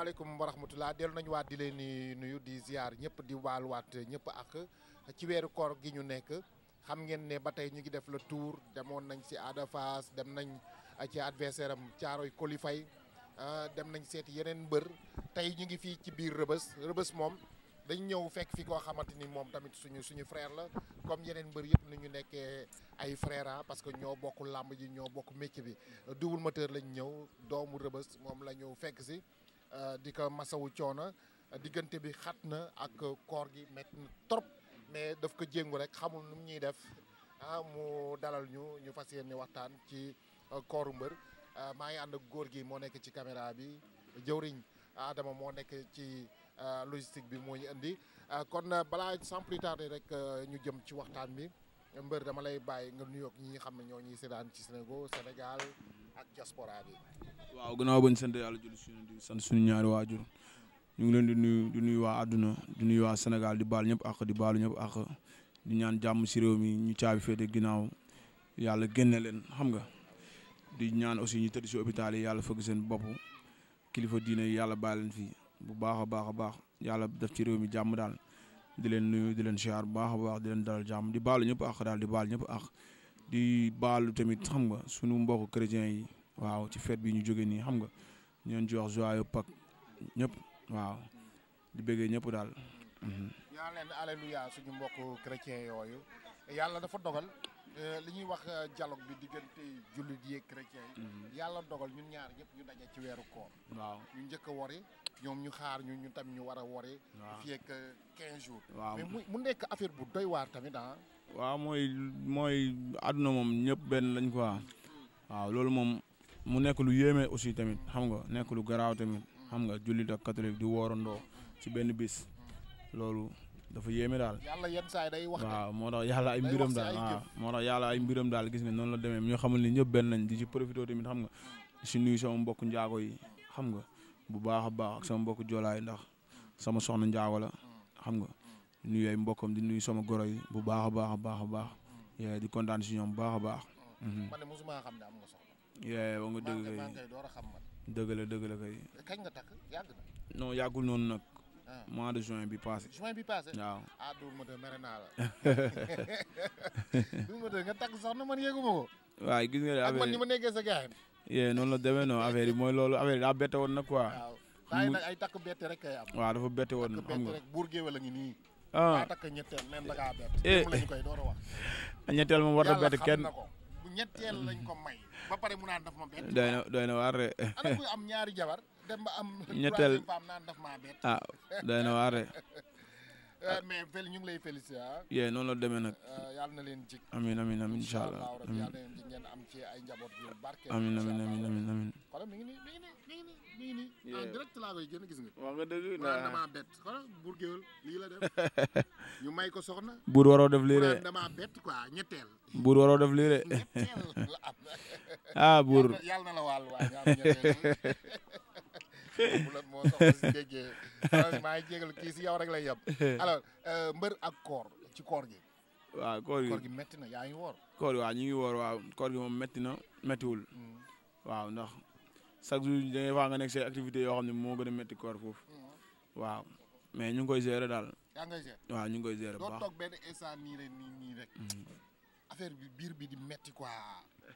asalaamaaleykum wa rahmatulah dellu nañu waat di leen di nuyu di ziar ñëpp di waat ñëpp ak ci weeru koor gi ñu nekk xam ngeen ne ba tey ñu ngi def le tour demoon nañ si Ada dem nañ ci adversaire am Thiaroye Coly Faye ah, dem nañ seeti yeneen mbër tey ñu ngi fii ci biir rëbës rëbës moom dañ ñëw fekk fi koo xamante ni moom tamit suñu suñu frère la comme yeneen mbër yëpp ni ñu nekkee ay frère ah, parce que ñoo bokk làmb ji ñoo bokk métier bi double moteur lañ ñëw doomu rëbës moom la ñu fekk si. Euh, di ko masawu coono diggante bi xat na ak koor gi métti na trop mais daf ko jéngu rek xamul nu ñuy def ah mu dalal ñu ñu fas yéene waxtaan ci euh, kooru mbër euh, maa ngi ànd góor gi moo nekk ci caméra bi jëwriñ Adama moo nekk ci logistique bi moo ñu indi kon balaa sans plus tarder rek ñu jëm ci waxtaan bi mbër dama lay bàyyi nga nuyoog ñi nga xam ne ñoo ñuy seetaan ci Sénégal Sénégal ak diaspora bi. waaw gannaaw bañ sant yàlla julli suñu di sant suñu ñaari waajur ñu ngi leen di nuyu nuyu waa àdduna di nuyu waa Sénégal di baal ñëpp ak di baalu ñëpp ak di ñaan jàmm si réew mi ñu caabi féete ginnaaw yàlla génne leen xam nga di ñaan aussi ñu tëdd si hôpital yi yàlla fëgg seen bopp kilifa diine yi yàlla bàyyi fii bu baax a baax a baax yàlla def ci réew mi jàmm daal di leen nuyu di leen siyaar bu baax baax di leen dalal jàmm di baalu ñëpp ak daal di baal ñëpp ak di baalu tamit xam nga sunu mbokk chrétien yi waaw ci fête bi ñu jógee nii xam nga ñoon jox joyeux Pâques ñëpp waaw di bëggee ñëpp daal. ñaan mhm. leen alléluia suñu mbokk chrétien yooyu yàlla dafa dogal Euh, li ñuy wax euh, dialogue bi diggante jullit yi chrétien yi. Mhm. yàlla dogal ñun ñaar ñëpp ñu daje ci weeru koor. waaw ñu njëkk a wori ñoom ñu xaar ñu ñu tam ñu war a wori. waaw fii ak euh, jours. mu nekk affaire bu doy waar tamit ah. waaw mooy mooy àdduna moom ñëpp benn lañ quoi. waaw loolu moom mu nekk lu yéeme aussi tamit xam nga nekk lu garaaw tamit xam nga jullit ak catholique di woorandoo ci benn bis loolu. dafa yéeme daal. yàlla yenn saa yi day wax waaw moo tax yàlla ay mbiram daal waaw moo tax yàlla ay mbiram daal gis nga noonu la demee ñu xamal ni ñëpp benn nañ di ci profité tamit xam nga si nuyu sama mbokku njaago yi xam nga bu baax a baax ak sama mbokku joolaay ndax sama soxna njaago la xam nga nuyu ay mbokkam di nuyu sama goro yi bu baax a baax a baax a baax di kontaan si ñoom bu baax a baax. Mm-hmm. man de mosuma xam ne am nga soxna. ba nga dëgg kay dëgg la dëgg la kay. kañ nga takk yàgg na. non yàggul noonu nag Mm. mois de juin bi passé. juin bi passé waaw. ah Double Moteur la. Double Moteur nga takk sax na man yëgu ko ko. waaw gis nga affaire yi ak man sa gars noonu la demee noonu affaire yi mooy loolu affaire yi daa bette woon nag quoi. ay takk bette rek kay am. waaw dafa bette buur géwél la ah. takk ñetteel nen bett. Eh. koy door a wax. ñetteel kenn ko may. ba mu naan daf ma doy na waar de. ana kuy am ñaari jabar. ñetteel ah day na eh, mais fel ñu lay félicité ah. yee eh, na leen jig. amiin allah amiin yàlla ay njaboot yu barke. amiin buur ñu may ko soxna. buur waroo def lii de. damaa buur waroo def lii ah buur bu la maa ngi jégalu kii si yow rek lay yem alors euh, mbër ak koor ci koor gi waaw koor gi metti na yaa ngi woor koor gi ñu ngi woor waaw koor gi moom métti na méttiwul mm. waaw ndax chaque jour da ngay wax nga nekk activité yoo xam ne moo gën a métti koor foofu mm. waaw mais ñu ngi koy gérer daal waaw ñu ngi koy gérer baax doo toog benn mm. bi biir bi di metti quoi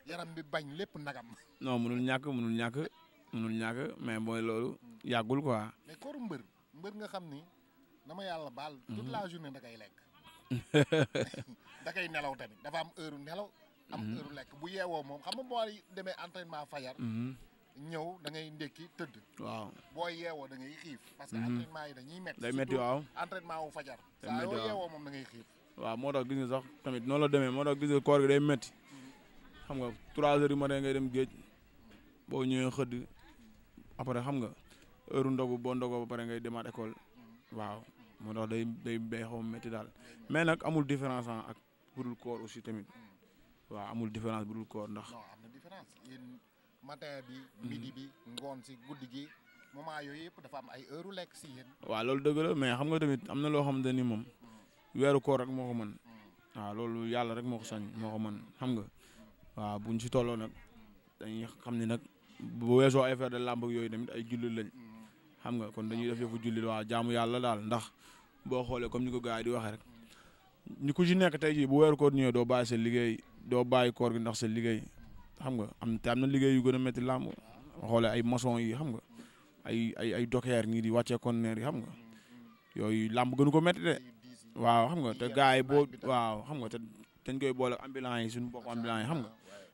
yaram bi bañ lépp nagam non mënul ñàkk mënul ñàkk mënul ñàkk mais mooy loolu yàggul quoi. mais kooru mbër mbër nga xam ni na ma yàlla baal. Mhm. toute la journée da kay lekk. da kay nelaw tamit dafa am heure nelaw. am mhm. heure lekk bu yeewoo moom xam nga boo demee entraînement fajar. Mhm. ñëw da ngay ndékki tëdd. waaw boo yeewoo da ngay xiif. que entraînement dañuy métti. day métti waaw entraînement wu fajar. day métti waaw saa yoo yeewoo moom da ngay xiif. waaw moo tax gis nga sax tamit noonu la demee moo tax gis nga koor gi day métti. xam nga trois heures yu matin ngay dem géej boo ñëwee xëdd après xam nga heure ndogu boo ndogoo ba pare ngay demaat école waaw moo tax day day bay xaw métti daal mais nag amul différence ah ak budul koor aussi tamit waaw amul différence budul koor ndax. non am na différence yéen matin bi. midi bi ngoon si guddi gi moment yooyu yëpp dafa am ay heure lekk si yéen. waaw loolu dëgg mais xam nga tamit am na loo xamante ni moom weeru koor rek moo ko mën waaw loolu yàlla rek moo ko sañ moo ko mën xam nga waaw buñ si tolloo nag dañuy xam ni nag. bu weesoo ay affaire de làmb ak yooyu tamit ay jullit lañ xam nga kon dañuy def yëfu jullit waa jaamu yàlla daal ndax boo xoolee comme ni ko gars yi di waxee rek ñu ku ci nekk tey jii bu weeru ñëwee doo bàyyi liggéey doo bàyyi koor gi ndax sa liggéey xam nga am te am na liggéey yu gën a métti làmb xoolee ay maçon yi xam nga ay ay ay dokeer ñii di wàccee conteneur yi xam nga yooyu làmb gënu ko métti waaw xam nga te gars yi boo waaw xam nga te dañ koy boole ak yi suñu bokk ambulant yi xam nga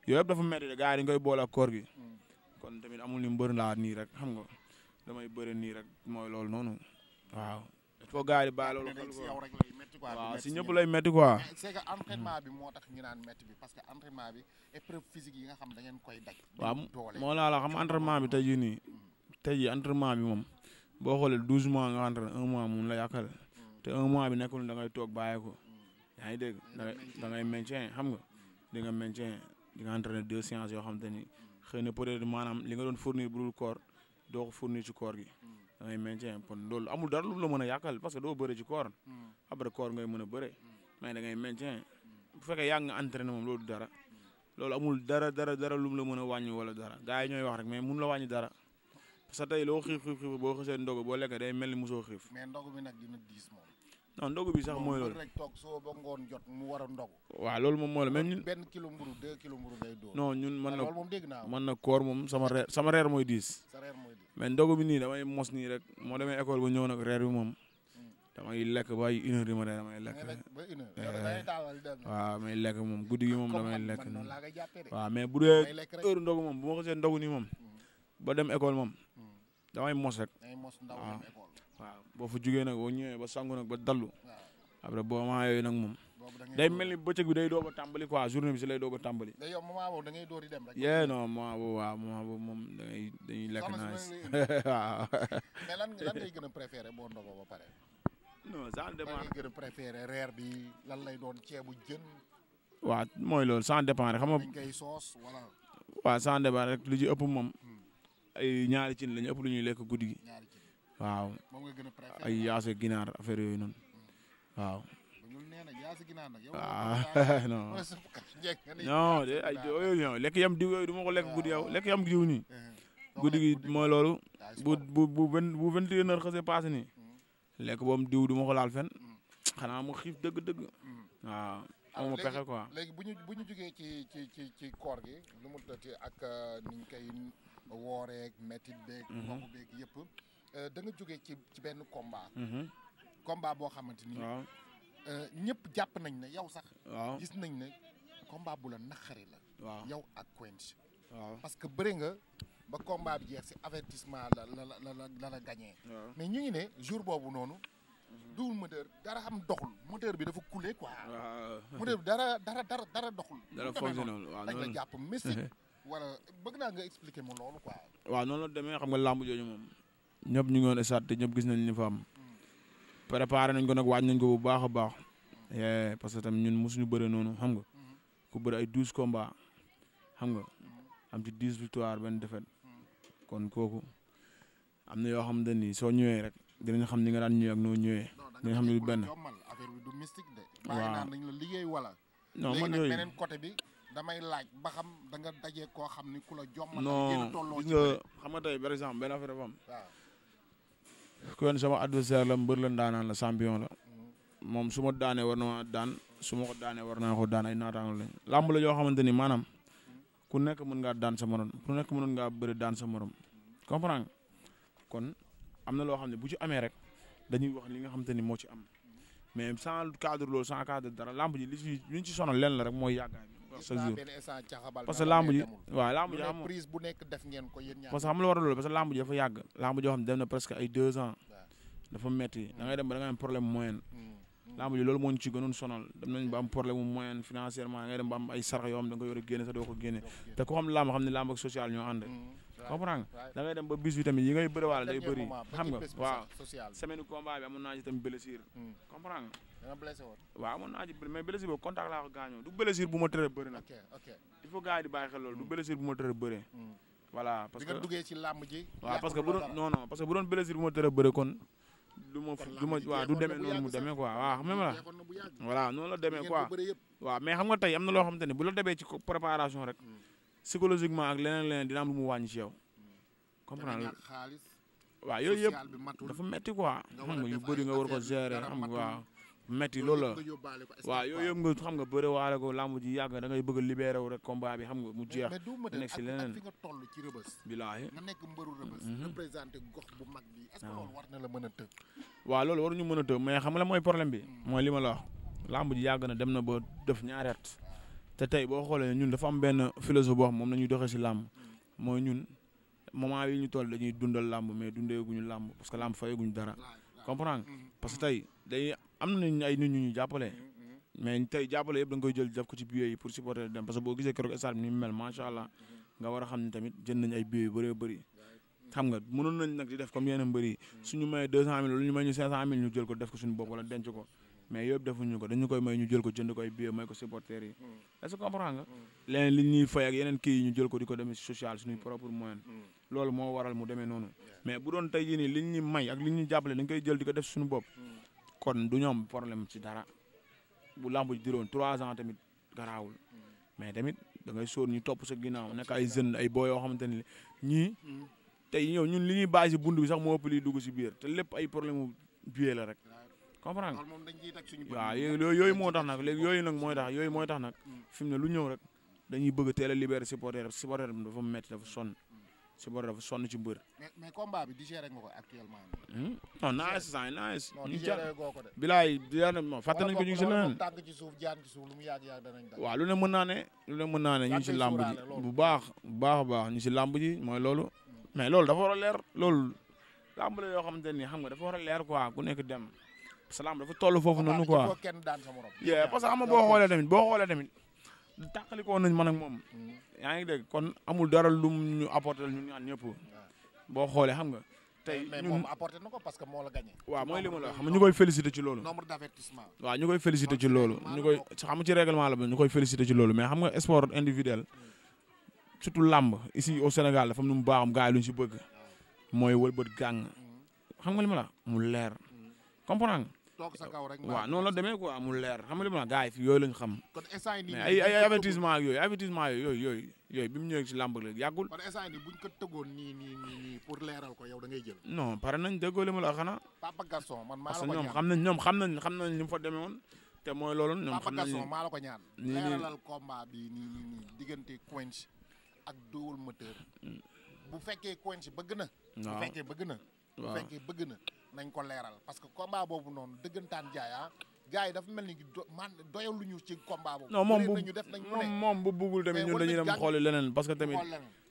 yooyu dafa métti de gars yi boole koor gi kon tamit amul ni mu bëri laa nii rek xam nga damay bëri nii rek mooy loolu noonu waaw. il faut gars yi bàyyi loolu xel waaw si ñëpp lay métti quoi. c'est que bi moo tax ñu naan bi parce que entraînement bi épreuve physique nga xam da ngeen koy daj. waaw moo laa la xam entraînement bi tey jii nii tey jii entraînement bi moom boo xoolee douze mois nga entraîné un mois mun la yàqal te un mois bi nekkul da ngay toog bàyyi ko yaa ngi dégg da ngay da ngay maintien xam nga di nga maintien di nga entraîné deux yoo xam te ni. xëy na peut-être maanaam li nga doon fournir bu dul koor doo ko fournir ci koor gi. Hmm. da ngay maintien kon loolu amul dara lu la mën a yàqal parce que doo bëre ci koor. Hmm. après koor ngay mën a bëre. Hmm. mais da ngay maintien bu fekkee yàgg nga entraîné moom loolu dara. loolu amul dara dara dara lu la mën a wàññi wala dara gars yi ñooy wax rek mais mun la wàññi dara. parce que tey loo xiif xiif xiif boo xasee ndogu boo lekk day mel ni mosoo xiif. moom. non ndogu bi sax mooy loolu rek toog soo ba ngoon jot mu war a ndogu waaw loolu moom mooy la mais ñun benn ñun man ah, naa man na koor moom sama reer sama reer mooy diis sa reer mooy diis mais ndogu bi nii damay mos nii rek moo demee école ba ñëw nag reer bi moom hmm. damay lekk ba une heure yi ma dee damay lekk waaw may lekk moom guddi gi moom ah, damay lekk noonu waaw mais bu ndogu moom bu ma ko seen ndogu nii moom hmm. ba dem école moom hmm. damay mos rek waaw waaw boo fa jugee nag boo ñëwee ba sangu nag ba dallu après boo maa yooyu nag moom day mel ni bëccëg bi day doog a tàmbali quoi journée bi si lay doog a tàmbali. day yow moment da ngay door di dem rek. yee non moment boobu waaw moom dañuy lekk naa si waaw. boo ndogoo ba pare. non ça dépend lan ngay gën a préféré reer bi lan lay doon ceebu jën. waaw mooy loolu ça dépend rek xam nga. dañ koy soos wala. waaw ça dépend rek lu ci ëpp moom. Hmm. ay ñaari cin lañu ëpp lu ñuy lekk guddi gi. waaw ay yaase ginaar affaire yooyu noonu waaw. ah non non de ay yooyu non lekk yam diw yooyu duma ko lekk guddi yow ah. lekk yam diw nii eh, guddi gi mooy loolu bu bu bu vingt bu vingt et une nii hmm. lekk boobu diw du ma ko laal fen hmm. xanaa mu xiif dëgg-dëgg hmm. waaw. amuma léegi bu ñu bu ñu jógee ci ci ci ci koor gi lu mu tëddee ak euh, niñ koy wooreeg métti beeg. mbokk mhm. yëpp. Euh, da nga jógee ci ci benn combat. Mhm. combat boo xamante ni. waaw euh, ñëpp jàpp nañ ne yow sax. waaw gis nañ ne combat bu la naqari la. waaw yow ak Quench. parce que bëri nga ba combat bi jeex si avertissement la la la la la mais ñu ngi ne jour boobu noonu. Mhm. duwul moteur dara xam doxul moteur bi dafa kule ko moteur bi dara dara dara dara doxul. dara fonctionné wul waaw noonu la jàpp mystique. wala bëgg naa nga expliquer mu loolu ko waaw noonu la demee xam nga làmb jooju moom. ñëpp ñu ngi woon stade te ñëpp gis nañ li fa am préparé nañ ko nag waaj nañ ko bu baax a baax eh, parce que tamit ñun ñu bëre noonu xam nga ko bëri ay douze combats xam nga am ci dix victoire benn défaite kon kooku am na yoo xam nii soo ñëwee rek dinañ xam ni nga daan ñëwee ak noo ñëwee dinañ xam ni benn. waaw non man yooyu beneen côté bi damay laaj ba xam da nga daje koo xam ni ku la jommal. non gis nga xam nga tey par exemple benn affaire dafa am. kon sama adversaire la mbër la ndaanaan la champion la moom suma ma daanee war na daan su ma ko daanee war naa ko daan ay naataango lañ làmb la yoo xamante ni maanaam ku nekk mën ngaa daan sa morom ku nekk mën ngaa bëri daan sa morom comprendre kon am na loo xam ne bu ci amee rek dañuy wax li nga xamante ni moo ci am mais sans cadre loolu sans cadre dara làmb ji li ci li ñu ci sonal la rek mooy yàggaay chaque jour parce que lamb ji waaw lamb ji parce que xam lu war loolu parce que lamb ji dafa yàgg lamb joo xam dem na presque ay deux ans dafa metti da ngay dem ba da nga mm. mm. ngay dem ba day bëri xam nga waaw semaine combat bi amoon naa tamit blessure mm. da nga blessé woon. waaw amoon naa ci mais blessure boobu contact laa ko gaañoo du blessure bu ma tëree nag. il faut gars di bàyyi xel loolu du blessure bu ma tëree hmm. waaw parce que bu doon non parce que bu doon blessure bu ma tëree kon. du ma du du demee noonu mu demee quoi waaw xam la voilà xam nga tey am na loo xam ne bu la demee ci préparation rek hmm. psychologiquement ak leneen leneen dina am lu mu wàññi ci yow hmm. comprendre nga waaw yooyu yëpp dafa metti ko waaw metti loolu la waaw yooyu yëpp nga xam nga bëre waale ko làmb ji yàgg a libéré wu rek combat bi xam nga na a tëb. waaw loolu xam nga la mooy bi. Hmm. mooy li ma la wax làmb ji na dem na ba def ñaari te tey boo xoolee ñun dafa am benn philosophe boo moom la ñuy doxee si làmb hmm. mooy ñun moment yi ñu toll dañuy dundal làmb mais dundeeguñu làmb parce que làmb fayeguñu dara comprendre hmm. parce que tey am na ay ñu ñu jàppale. Mm-hmm, mm-hmm. mais tey jàppale yëpp da nga koy jël def ko ci billets yi pour supporter dem parce que boo gisee keroog stade bi ni mel macha allah mm-hmm. nga war a xam ne tamit jënd nañ ay billets yu bëree bëri. xam nga mënoon nañ nag def ñu may ñu cinq cent mille ñu ko def ko suñu bopp wala denc ko mais yooyu defuñu ko ñu ko jënd koy may ñuy fay ak yeneen kii ñu jël ko di ko demee si social suñuy propre moyen loolu moo waral mu demee noonu mais jàppale dañ koy di ko def suñu bopp kon du ñoom problème si dara bu lamb ji diroon trois ans tamit garaawul mais tamit da ngay sóor ñu topp sa ginnaaw na ay jeunes ay boo yoo xamante ne ñii. tey ñëw ñun li ñuy bàyyi si bund bi sax moo ëpp liy dugg si biir te lépp ay problème mu la rek. comprendre nga waaw yooyu moo tax nag léegi yooyu nag mooy tax yooyu mooy tax nag mm. fi mu ne lu ñëw rek dañuy bëgg teel a libérer supporter supporter bi dafa metti dafa sonn. si borom dafa sonn ci mbër. mais mais combat bi digéré nga ko actuellement. Hmm? non naaj si saa naaj. non ko de. bilaay digéré moom fàtte nañ ko ñu ngi si leneen. tàgg ci bu baax bu baax a baax ñu mooy loolu. Hmm. mais loolu dafa war a leer loolu làmb la yoo xamante ne xam nga dafa war a leer quoi ku nekk dem. parce dafa toll foofu noonu quoi. waaw il faut kenn daan sa morom. parce que xam tàqalikoo nañ man ak moom yaa ngi dégg kon amul dara lum ñu apporté ñu ñaan ñëpp boo xoolee xam nga tey mais moom na ko parce que moo la gagné waaw mooy li ma la xam nga ñu koy félicité ci loolu nombre d'avertissement waaw ñu koy félicité ci loolu ñu koy xam ci règlement la ba ñu koy félicité ci loolu mais xam nga sport individuel surtout làmb ici au Sénégal dafa am nu mu baaxam gars yi ñu si bëgg mooy bët gàng mm-hmm. xam nga li ma la mu leer mm-hmm. comprendre toog sa kaw rek. waaw noonu la demee ko amul leer xam nga li ma la gars yooyu lañ xam. kon instant yii nii ay ay yooyu avertissement yooyu yooyu yooyu bi mu ñëwee ci làmb la yàggul. kon ko tëggoon nii nii pour leeral ko yow da ngay jël. non pare nañ déggoo li ma la xanaa. Papa Gasson man maa la ko ñaan parce ñoom xam nañ ñoom xam nañ xam nañ li mu fa demee woon. te mooy loolu ñoom xam nañ Papa Gasson maa la ko ñaan. nii nii leeralal combat bi nii diggante Quench ak Double Moteur. Mm. bu fekkee Quench bëgg na. waaw bu bëgg na. waaw bu bëgg na nañ ko leeral parce que combat boobu noonu dëggantaan jaaya ah, gars yi dafa mel ni man ñu ci combat boobu. non moom bu moom bu buggul tamit ñun dañuy dem xooli leneen parce que tamit.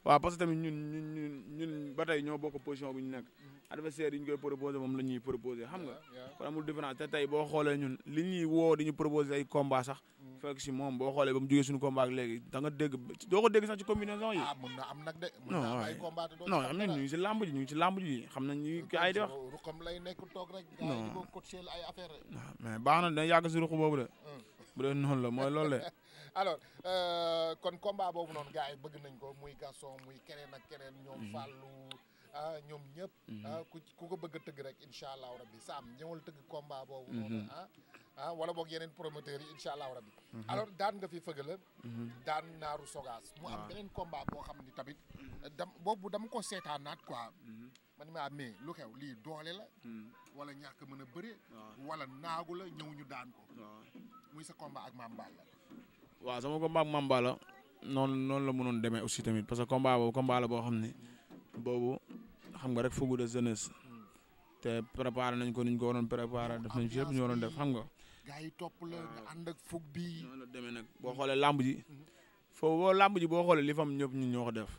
waaw parce que tamit ñun ñun ñun ñun ba tey ñoo bokk position bu ñu nekk. Mm-hmm. adversaire yi ñu koy proposé moom la ñuy proposé xam nga. kon amul différence te tey boo xoolee ñun li ñuy woo di ñu proposé ay combat sax. fekk si moom boo xoolee ba mu jógee suñu combat ak léegi da nga dégg doo ko dégg sax ci combinaison yi. ah mën na am nag de. mën na am ay combat te doo non am na xam nañ ñu gars yi lay nekk toog rek. gars yi mais baax na dina yàgg si ruq boobu de. Hmm. noonu la mooy loolu de. alors euh, kon combat boobu noonu gars yi bëgg nañ ko muy Gaston muy keneen ak keneen ñoom hmm. Fallou. ah ñoom ñëpp. Hmm. ah ku ko bëgg tëgg rek incha allahu rabbi Sam ñëwal tëgg combat boobu. noonu ah ah wala boog yeneen promoteurs yi incha allahu rabbi mhm. alors daan nga fi fëgg la mhm. daan naaru sogaas mu am ah. beneen combat boo xam ni tamit dam boobu dama ko seetaanaat quoi mhm. ma ni maa ah, lu xew lii doole la wala ñàkk mën a bëre ah. wala naagu la ñëw daan ko muy sa combat ak Mame Balla waaw sama combat ak Mame noonu noonu la mënoon demee aussi tamit parce que combat boobu combat la boo xam ne boobu xam nga rek fougue de jeunesse mm. te préparé nañ ko niñ ko waroon préparé def nañ ci yëpp ñu waroon def xam nga gars yi topp la nga ànd ak fukk bi noonu demee nag boo xoolee làmb ji mhm. foofu boo làmb ji boo xoolee li fam ñëpp ñu ñoo ko def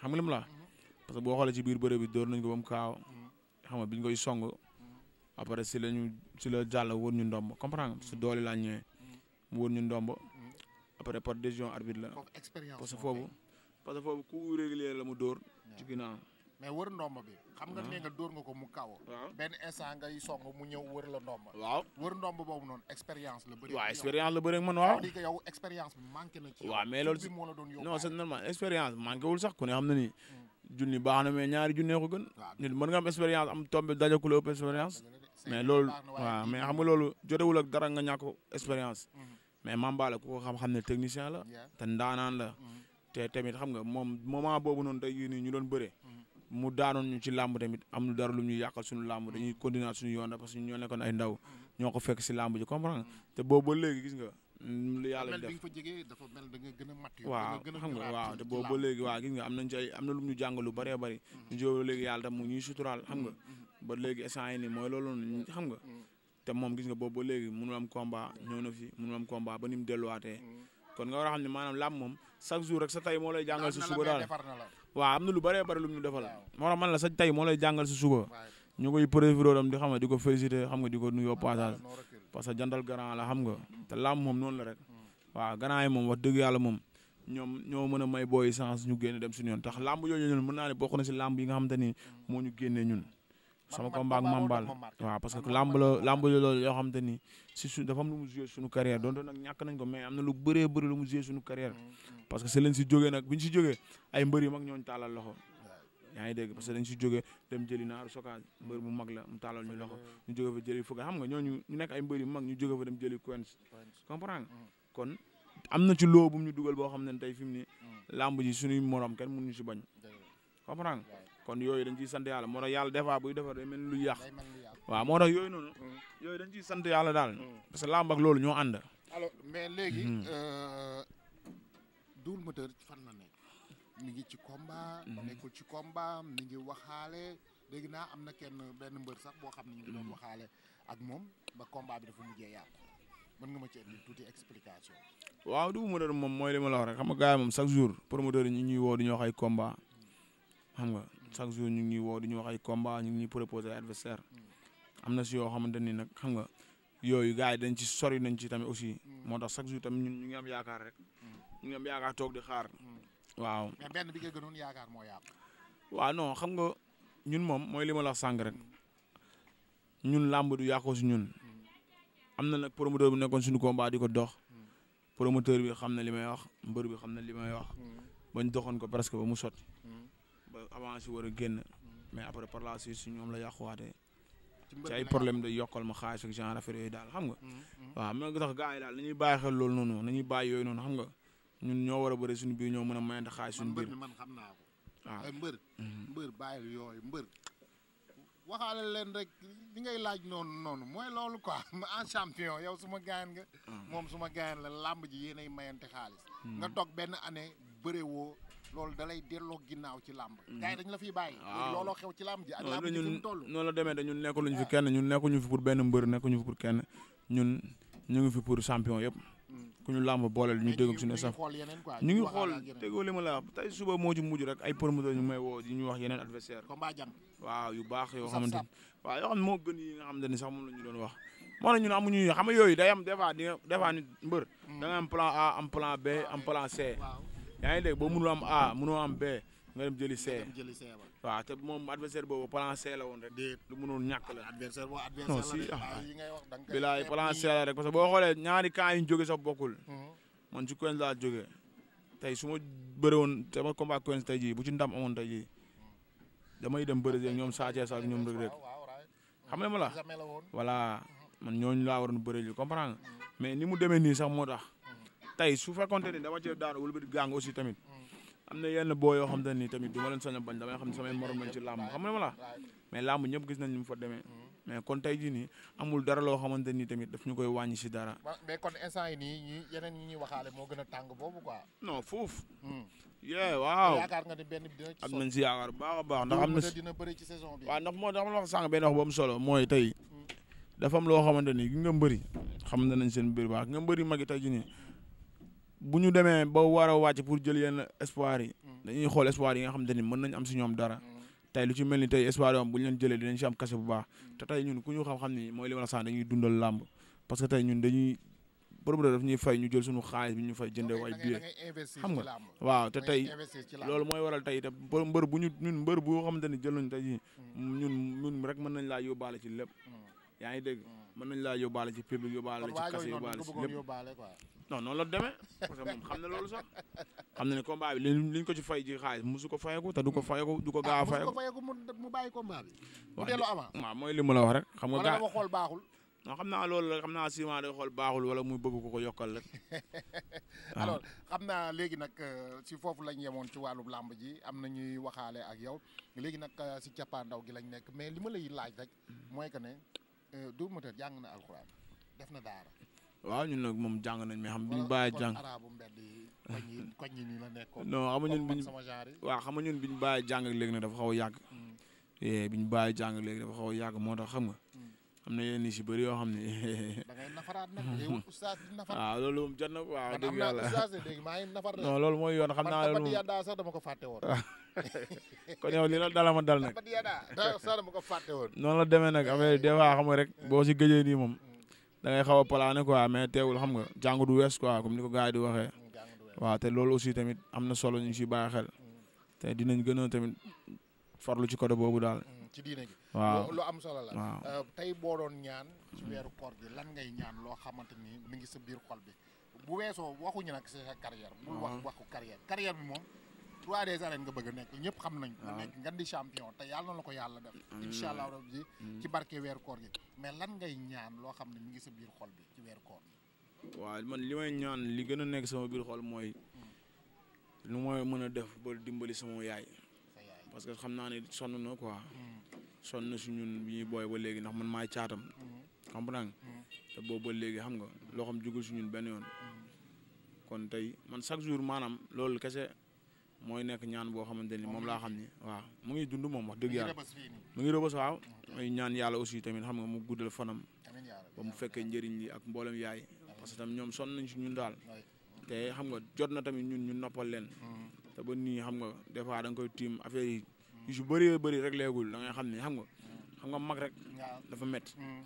xam nga lu mu la mhm. parce que boo xoolee ci biir bërëb bi dóor nañ ko ba mu kaaw mhm. xam nga ñu koy song après si lañu si la jàll wër ñu ndomb comprendre si su doole laa ñëwee mu wër ñu ndomb après par décision arbitre la parce que foofu parce que foofu ku régulier la mu dóor ci ginnaaw mais wër ndomb bi xam nga hmm. nee nga dóor nga ko mu kaw benn mu ñëw wër la ndomb waaw wër ndomb boobu noonu expérience la bëri waaw expérience la bëri ak man waaw manqué na waaw mais loolu si moo la doon yóbbu non c'est normal expérience manqué wul sax ku xam na ni hmm. junni baax na mais ñaari junnee ko gën nit mën nga am expérience am tombé daje ku la expérience mais loolu waaw mais xam nga loolu jotewul ak dara nga ñàkk expérience hmm. mais Mamba la ku ko xam-xam ne technicien la te ndaanaan la te tamit xam nga moom moment boobu noon tey jii nii ñu doon bëre mu daanoon ñu ci làmb tamit am lu dara lu ñu yàqal suñu làmb dañuy continuer suñu yoon parce que ñoo nekkoon ay ndaw ñoo ko fekk si làmb ji comprendre te boobu ba léegi gis nga lu yàlla def waaw xam nga waaw te boobu ba léegi gis nga am nañ ci am na lu ñu jàng lu bëree bëri mm-hmm. ñu jóg léegi yàlla tam mu ñuy suturaal xam nga mm-hmm. ba léegi instant yi nii mooy loolu xam nga mm-hmm. te moom gis nga boobu ba léegi mënul am combat ñoo na fi mënul am combat ba ni mu delluwaatee kon nga war a xam ne maanaam làmb moom chaque jour rek sa tey moo lay jàngal si suba daal waaw am na lu bëree bëri lu ñu defal moo tax man la sa tey moo lay jàngal si suba ñu koy préféré dam di xam nga di ko félicité xam nga di ko nuyoo passage parce que jandal grand la xam nga te laam moom noonu la rek hmm. waaw grand yi moom wax dëgg yàlla moom ñoom ñoo mën a may booy sance ñu génne dem suñu yoon tax lamb yooyu ñun mën naa ne bokk na si lamb yi nga xamante ni moo ñu génnee ñun sama combat ak Mambal waaw parce que lamb la lamb loolu yoo xam ni si su dafa am lu mu joué suñu carrière donte nag ñàkk nañ ko mais am na lu bëree bëri lu mu joué suñu carrière mm, mm. parce que si si jógee nag bi ñu si jógee ay mbër yu mag ñooñu taalal loxo yaa ngi dégg parce si jógee dem jëli naaru sokaas mbër mu mag la mu taalal ñu loxo mm. ñu jóge fa jëli fukk xam nga ñu nekk ay mbër yu mag ñu jóge fa dem jëli coins comprendre kon am na ci loo bu ñu dugal boo xam ne tey fi mu ni lamb ji sunu morom kenn mu nu si bañ comprendre nga kon yooyu dañ ciy sant yàlla moo tax yàlla des fois buy defar day mel ni lu yàq waaw moo tax yooyu noonu yooyu dañ ciy sant yàlla daal mm. parce que làmb ak loolu ñoo ànd alors mais léegi mm-hmm. euh, Double Moteur fan na nekk mu ngi ci combat mm-hmm. nekkul ci combat mi ngi waxaale léegi naa am na kenn benn mbër sax boo xam ne ñu ngi mm-hmm. ak moom ba combat bi dafa mujjee yàqu mën nga ma ci indi tuuti explication waaw Double Moteur moom mooy li ma rek xam nga yi moom chaque jour promoteur yi ñu ñuy woo di ñu wax ay xam nga chaque jour ñu ngi ñuy woo di ñu wax ay combat ñu ngi ñuy proposer ay adversaire am na si yoo xamante ni nag xam nga yooyu gars yi dañ ci sori nañ ci tamit aussi mm. moo tax chaque jour tamit ñun ñu ngi am yaakaar rek mm. ñu ngi yaakaar toog di xaar mm. waaw. mais benn bi yaakaar moo yàqu. waaw non xam nga ñun moom mooy li ma la wax sànq rek ñun làmb du yàqoo si ñun am na nag promoteur bu nekkoon suñu combat di ko dox promoteur bi xam na li may wax mbër bi xam na li may wax bañ doxoon ko presque ba mu sot ba avant si war a génn mm. mais après par la si ñoom la yàquwaatee ci ay problème de yokkal ma xaalis ak genre affaire yooyu daal xam nga mm, mm. waaw mais nga tax gars yi daal nañuy bàyyi xel loolu noonu nañuy bàyyi yooyu noonu xam nga ñun ñoo war a bëri suñu biir ñoo mën a mayante xaalis suñu biir man xam naa ko mm-hmm. leen rek li ngay laaj noonu noonu mooy loolu quoi en champion yow suma gaayan nga moom suma gaayan la làmb ji yéen ay mayante xaalis nga toog benn année bëre loolu dalay delloo ginnaaw ci làmb mhm. gars yi dañ la fiy bàyyi looloo xew ci làmb ji ak làmb ji ñu toll noonu la demee de ñun nekkuluñ fi ah. kenn ñun nekkuñu fi pour benn mbër nekkuñu fi pour kenn ñun ñu ngi fi pour champion yëpp mm. ku ñu làmb booleel ñu dégg suñu saf ñu ngi xool déggoo li ma suba moo ci mujj rek ay promoteur ñu may woo di ñu wax yeneen adversaire combat jam waaw yu baax yoo xamante waaw yoo xam moo gën yi nga xamante ni sax moo la ñu doon wax moo na ñun amuñu xam nga yooyu day am des fois di des fois nit mbër mm. da nga am plan A am plan yaa ngi dégg boo mënul am A mënoo am B nga dem jëli C. waaw te moom adversaire boobu plan C la woon rek. déet lu mënoon ñàkk la. adversaire boobu ah, da nga bilaay plan C la rek parce boo xoolee ñaari camps yi ñu jógee sax bokkul. Mhm. man ci Quench laa jógee. tey su ma bëre woon sama combat Quench tey jii bu ci ndam amoon tey jii damay dem bëre ñoom Sa Thiès ak ñoom Reug Reug xam nga ma la wala mhm. man ñooñu laa waroon bëre li comprendre nga mhm. mais ni mu demee nii sa moo tax. tey su fekkonte ni dama cee daanu wala bit gàng aussi tamit am na yenn boo yoo xam te ni tamit du ma leen xam ne samay morom lañ mais làmb ñëpp gis nañ ni mu fa demee mais kon tey jii nii amul dara loo xamante ni tamit daf ñu koy wàññi si dara. mais kon instant yi nii ñi ñuy waxaale moo gën a tàng boobu quoi. non foofu. Hmm. yee waaw nga ne benn dina ci nañ si yaakaar bu baax a baax. ndax am na si dina ci saison bi. waaw ndax moo tax ma la wax sànq benn wax ba mu solo mooy tey. Hmm. dafa am loo xamante ni gi nga mbëri xam na nañ seen mbir baax nga mbëri magi tey ji nii bu ñu demee ba war a wàcc pour jël yenn espoir yi. dañuy xool espoir yi nga xamante ni mën nañ am si ñoom dara. tey lu ci mel ni tey espoir yi bu ñu leen jëlee dinañ si am kase bu baax. te tey ñun ku ñu xam-xam ni mooy li ma la sànq dañuy dundal tey ñun dañuy promoteur daf ñuy fay ñu jël suñu xaalis bi ñu fay jëndee ay billets. xam nga waaw te tey loolu mooy waral tey te mbër bu ñu ñun mbër bu xamante ni jël nañ tey ñun ñun rek mën nañ laa yóbbaale ci lépp. Mm. yaa ngi dégg mm. mën nañ laa yóbbaale ci public yóbbaale ci kase yóbbaale ci lépp non noonu la deme xam na loolu sax xam na ne combat bi liñ ko ci fay ji xaalis su ko fayeku te du ko fayeku du ko gaaw a ah, fayeku fayeku mu bàyyi combat bi mu delloo avant mooy li mu la wax rek xam nga gaa xool baaxul non xam naa loolu la xam naa ciment day xool baaxul wala muy bëgg ko ko yokkal xam naa léegi nag euh, si foofu lañ yemoon ci wàllu làmb ji am na ñuy waxaale ak yow léegi nag euh, si cappaandaw gi lañ nekk mais li ma lay laaj rek hmm. mooy que ne euh, du Moteur jàng na alxuraan def na daara waaw ñun nag moom jàng nañ mais xam bi ñu bàyyi jàng non xam nga ñun bi ñu waaw xam nga ñun ñu bàyyi jàng léegi nag dafa xaw a yàgg hmm. eh, bi ñu bàyyi jàng léegi xaw yàgg moo tax xam nga hmm. am na yenn si bëri yoo xam ne waaw loolu moom jot na waaw dëgg yàlla non loolu mooy yoon xam naa loolu moom sax dama ko fàtte woon ah. kon yow li la dala ma dal nag sax dama ko fàtte woon noonu la demee nag affaire des fois xam rek boo si gëjee ni moom da ngay xaw a plané quoi mais teewul xam nga jàng du wees quoi comme ni ko gars yi di waxee mm, waaw te loolu aussi tamit am na solo ñu si baaxel mm. te dinañ gën a tamit farlu ci côté boobu daal. Mm, ci diine lu am solo la. Euh, tey boo doon ñaan. ci weeru koor bi lan ngay ñaan loo xamante ni mi ngi sa biir xol bi bu weesoo waxuñu nag sa carrière. bul wax waxu carrière carrière bi moom. roi des arènes nga bëgg a nekk ñëpp xam nañ nga nekk nga di champion te yàlla na la ko yàlla def mm. incha allah rabbi ji mm. ci barke weer koor gi mais lan ngay ñaan loo xam ne mu ngi sa biir xol bi ci weer koor gi man li may ñaan li gën a nekk sama biir xol mooy mm. lu mooy mën a def ba dimbali sama yaay parce que xam naa ne sonn na quoi sonn na su ñun bi ñuy booy ba léegi ndax man maay caatam comprendre te boobu ba léegi xam nga loo xam jugul su ñun benn yoon kon tey man chaque jour maanaam loolu kese mooy nekk ñaan boo xamante ni moom laa xam ni waaw mu ngi dund moom wax dëgg yàlla mu ngi rëbës waaw mooy ñaan yàlla aussi tamit xam nga mu guddal fanam ba mu fekkee njëriñ li ak mboolem yaay parce que tam ñoom sonn nañ si ñun daal te xam nga jot na tamit ñun ñu noppal leen hmm. te ba nii xam nga des fois da koy tiim affaire yi yu si bëree bëri rek léegul da ngay xam ni xam nga xam nga mag rek dafa métti hmm.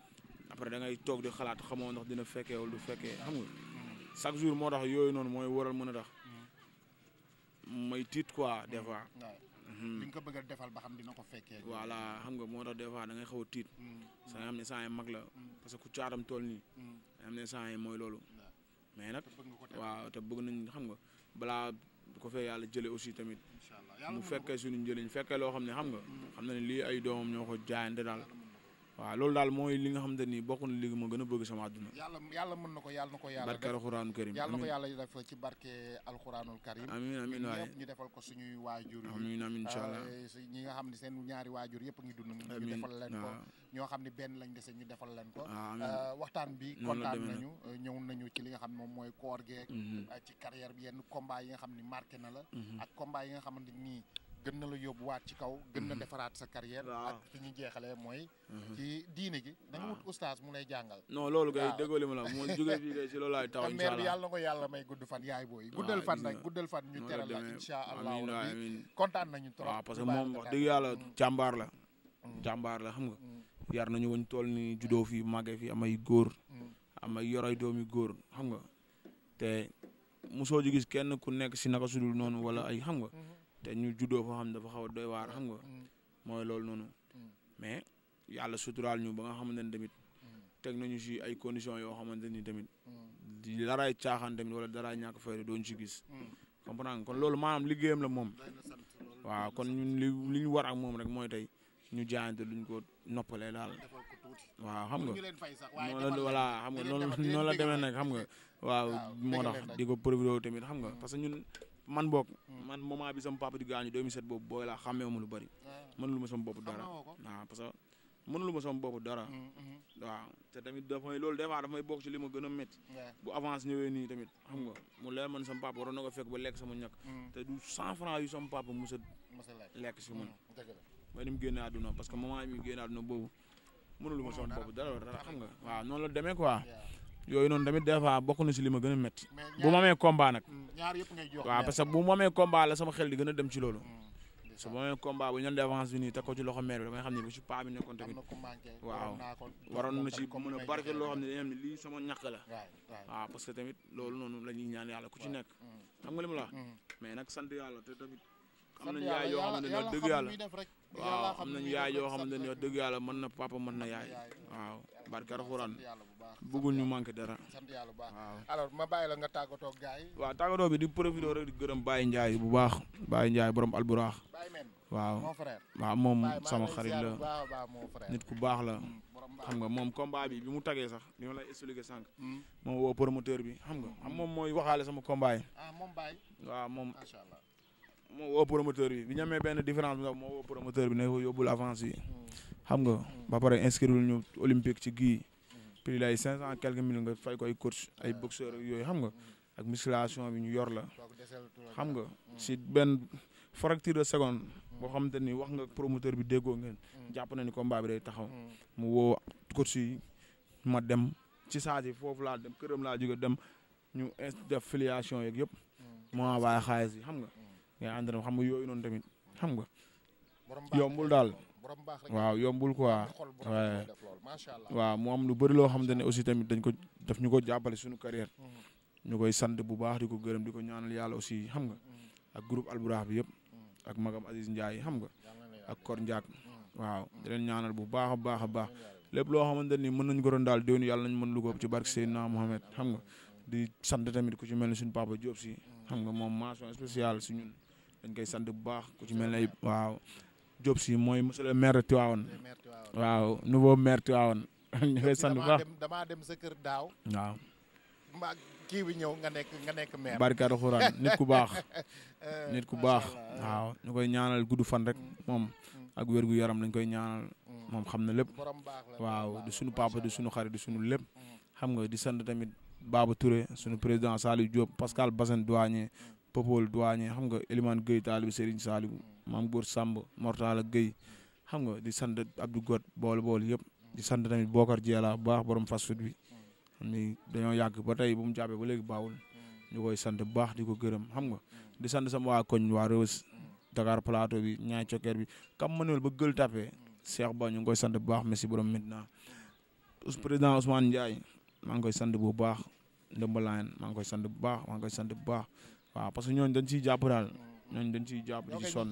après dangay toog di xalaat xamoo ndox dina fekkee wala du fekkee xam nga hmm. chaque jour moo tax yooyu noonu mooy waral mën a tax may tiit quoi des mm. fois. li mm-hmm. nga ko bëgg a defal ba xam dina ko fekkee. voilà xam nga moo tax des fois da ngay xaw a tiit. Mm. sa nga xam ne saa yi mag la. Mm. parce que ku caatam tool nii. da ne saa yi mooy loolu. mais nag waaw te bëgg nañ xam nga balaa ko fee yàlla jëlee aussi tamit. mu fekkee suñu ñu fekkee loo xam ne xam nga. xam na ne lii ay doom ñoo ko jaayante daal. waaw loolu daal mooy li nga xamante ni bokk na li gën a bëgg sama àdduna yàlla yàlla mën na ko yàlla ko yàlla barke alxuraanu na ko yàlla def ci barke alxuraanul karim amin ñu defal ko suñuy waajur amin amin ah, ñi nga xam ni seen ñaari waajur yëpp ngi dund ñu defal leen ko ñoo xam ne benn lañ dese ñu defal leen ko ah, ah, waxtaan bi kontaan nañu ñëw nañu ci li nga xam ne moom mooy koor geek mm-hmm. ci carrière bi yenn combat yi nga xam ni marqué na la mm-hmm. ak combat yi nga xamante nii gën na la yóbbu waat ci kaw. gën na mhm. defaraat sa carrière. ak fi ñu jeexale mooy. Mhm. ci diine gi. da nga wut oustaz mu lay jàngal. non loolu kay déggoo li ma la moo jógee fii kay si loolu laay taw incha allah mère yàlla na ko yàlla may gudd fan. yaay booy guddal fan nag guddal fan ñu teral la incha allah amiin kontaan nañu trop. waaw parce que moom wax dëgg yàlla mm. jàmbaar la. Mm. jàmbaar la xam nga. Mm. yar nañu wañ tool ni judoo fii màggee fii amay góor. amay yoroy doomi góor xam nga te ji gis kenn ku nekk si naka sudul noonu wala ay xam nga mm-hmm. te ñu juddoo foo xam ne dafa xaw a doy waar xam nga. Mm. mooy loolu noonu. Mm. mais yàlla suturaal ñu ba nga xamante ne tamit. Mm. teg ay conditions yoo xamante ni tamit. di daraay caaxaan tamit wala daraay ñàkk fayda doon si gis. comprendre nga kon loolu maanaam liggéeyam la moom. waaw kon ñun li li ñu war ak moom rek mooy tey ñu jaayante luñ ko noppalee daal. waaw xam nga noonu la voilà xam nga noonu noonu la demee nag xam nga. waaw moo tax di ko profité tamit xam nga parce ñun. man boog. Mm. man moment bi sama papa di gaañu 2007 boobu booy laa dara waaw parce que mënul ma sama bopp dara. Mm, mm. waaw te tamit dafa may loolu des fois dafa may bokk ci li ma gën a métti. bu avance ñëwee nii tamit xam nga mu leer man sama papa waroon na fekk ba lekk sama ñàkk. te du cent franc sama papa mos a. lekk si man. dëgg la ba ni mu génne àdduna parce que moment yi muy génne àdduna boobu mënul ma sama bopp dara dara xam nga waaw noonu la demee quoi. yooyu noonu tamit des fois bokk na si li ma gën a métti. bu ma amee combat nag. Mm, ñaar yëpp ngay jox waaw parce que bu ma amee combat la sama xel di gën a dem ci loolu. Mm, su ma amee combat bu ñu doon défense nii teg ko loxo maire bi a barke loo xam ne dañoo sama ñàkk la. waaw parce tamit loolu noonu la ñuy ñaan yàlla ku ci nekk. Mm. xam nga li la. mais nag sant yàlla te tamit. am nañu yaay yoo xamante dëgg yàlla waaw am nañu yaay yoo xamante ne wax dëgg yàlla mën na papa mën na yaay waaw barke alxuraan bëggul ñu manqué dara. sant yàlla bu baax waaw alors ma bàyyi la nga tàggatoo ak gars yi. waaw tàggatoo bi di profité rek di gërëm Baye Ndiaye bu baax Baye Ndiaye borom alburaax. waaw waaw moom sama xarit la nit ku baax la. Mm, xam nga moom combat bi bi mu tagee sax bi ma lay expliqué sànq. Mm. moom woo promoteur bi xam nga xam moom mooy waxaale sama combat yi. Ah, waaw moom. moo woo promoteur bi bi ñu amee benn différence bi moo woo promoteur bi ne ko avance yi xam nga ba pare inscrire ñu olympique ci gii prix ay cinq cent quelques mille nga fay ko ay coach ay boxeur yooyu xam nga ak musculation bi ñu yor la xam nga si benn fracture de seconde boo xamante ni wax nga promoteur bi déggoo ngeen jàpp na ni combat bi taxaw mu woo coach yi ma dem ci saa foofu laa dem këram laa jóge dem ñu def filiation yeeg yëpp moo waaye xaalis yi xam ngay xam nga yooyu noonu tamit xam nga. yombul daal waaw yombul quoi waaw mu am lu bëri loo xamante ne aussi tamit dañ ko daf ñu ko jàppale suñu carrière mm-hmm. ñu koy sant bu baax di ko gërëm di ko ñaanal yàlla aussi xam nga mm-hmm. ak groupe alburax bi yëpp mm-hmm. ak magam Aziz Ndiaye xam nga ak Kor Ndiak waaw di leen ñaanal bu baax a baax a baax lép loo xamante ni mën nañ ko doon daal déwén yàlla nañ mën lu ko ci barke Seydina Mohamed xam nga di sant tamit ku ci mel ni suñu papa Diop si xam nga moom mention spéciale si ñun dañ koy sant bu baax ku ci mel ne waaw Diop si mooy monsieur le maire de Tivaouane waaw nouveau maire Tivaouane ñu koy sant damaa dem sa kër daaw waaw kii bi ñëw nga nekk nga nekk maire barka alxuraan nit ku baax eh, nit ku baax eh. waaw ñu koy ñaanal gudd fan rek moom mm. ak wér gu yaram dañ koy ñaanal mm. moom xam na lépp waaw di suñu papa di suñu xarit di suñu lépp mm. xam nga di sant tamit Baba toure suñu président Saliou Diop Pascal Bassène Douanier Popol Douanier xam nga Elimane Gueye taalibu Serigne Saliou maam Góor Samb Mortala Gueye xam nga di sant Abdou God bool bool yëpp di sant tamit Bokar Diela bu baax borom fast food bi xam ni dañoo yàgg ba tey bu mu jàppee ba léegi baawul ñu koy sant bu baax di ko gërëm xam nga di sant sama waa koñ waa Rose Dakar Plateau bi ñaay cokkeer bi kam manuel ba gël tapé Cheikh Ba ñu ngi koy sant bu baax merci borom maintenant président Ousmane Ndiaye maa ngi koy sant bu baax Ndëmbalaan maa ngi koy sant bu baax maa ngi koy sant bu baax waaw parce que ñooñu dañ ciy jàpp daal ñooñu dañ ciy jàpp di ci sonn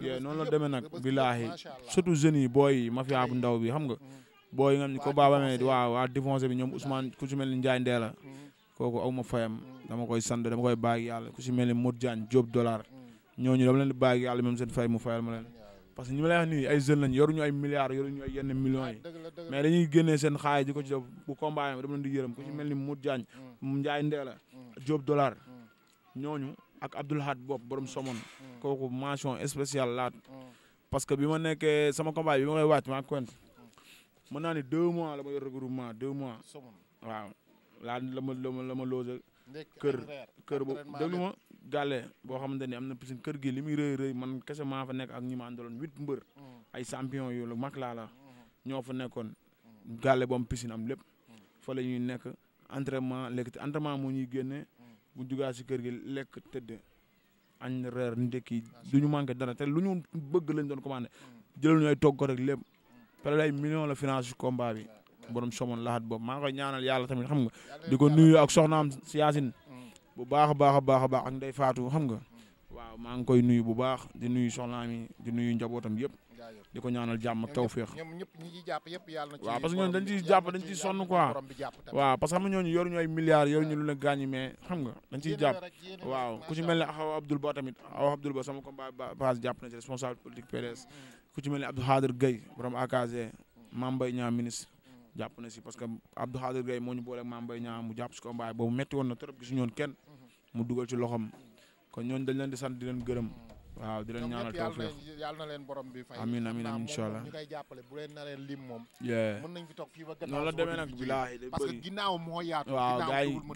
yee noonu la demee nag billaahi surtout jeunes yi booy yi mafia bu ndaw bi xam nga mm-hmm. booy yi nga ko baabamee waaw waa défoncé bi ñoom mm-hmm. Ousmane ku ci mel ni Ndiaye Ndeela mm-hmm. kooku aw ma fayam dama koy sant dama koy bàyyi yàlla ku ci mel ni Modou Diagne Diop dollar ñooñu yàlla même seen fay mu fayal ma leen parce que ñu ma lay wax nii ay jeunes lañ yoruñu ay ah, seen ko ci mm. mel ni Modou Diagne mm. Ndiaye Ndeela mm. Diop dollar ñooñu ak Abdoul Ahad Bopp borom ko mm. kooku mention spéciale laat. Mm. parce que bi ma nekkee sama combat bi ma koy wàcc maa Quench. Mm. mën naa ni deux mois la ma yor regroupement deux mois. waaw laa la ma la ma la ma loose kër kër boobu déglu ma gale boo xamante ni am na piscine kër gi li muy rëy rëy man kese maa fa nekk ak ñi ma àndaloon mbër. ay champion yu mag laa la ñoo fa nekkoon. gàlle bo am piscine am lépp. fa la ñuy nekk entraînement léegi te entraînement moo ñuy bu jugaa si kër gi lekk tëdd añ reer ndekki du ñu manqué dara te lu ñu bëgg lañ doon commandé jëlal ñu ay togg ko rek lépp pare lay million la finance combat bi borom somoon laxat boobu maa koy ñaanal yàlla tamit xam nga di ko nuyu ak soxnaam si bu baax a baax a baax a baax ak ndey faatu xam nga mm. waaw maa ngi koy nuyu bu baax di nuyu soxnaam yi di nuyu njabootam yëpp di ko ñaanal jàmm ak tawféex waaw parce que ñooñu dañ ciy jàpp dañ ciy sonn quoi waaw lu ne gaañi mais xam nga dañ ciy jàpp waaw ku ci mel ne Awa Abdoul Ba tamit Awa Abdoul Ba sama ministre jàpp na si parce que Abdou Khadir Gueye moo ñu boole ak mu jàpp si combat boobu métti woon na trop gisuñu woon kenn mu dugal ci loxom kon ñooñu dañ leen di sant gërëm waaw di leen ñaanal tawfeex yàlla na leen borom bi fay amiin amiin amiin incha allah bu leen na leen lim moom mën nañ fi toog fii ba gannaaw noonu la demee nag moo yaatu waaw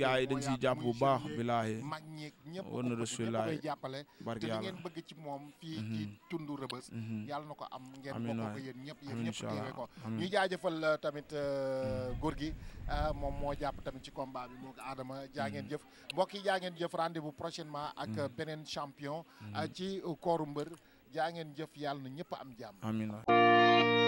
gars yi dañ siy jàpp bu baax bilaahi mag ñeeg ñëpp war na reçu laa jàppale barke yàlla ngeen bëgg ci moom fii mm-hmm. ci tund rëbës mm-hmm. yàlla na ko am ngeen bokk ko yéen ñëpp yéen ñëpp teewe ko ñu jaajëfal euh, tamit euh, mm-hmm. góor gi euh, moom moo jàpp tamit ci combat bi moo ko aadama jaa ngeen jëf mbokk yi jaa ngeen jëf rendez-vous prochainement ak beneen champion kooru mbër jaa ngeen jëf yàlla na ñëpp am jam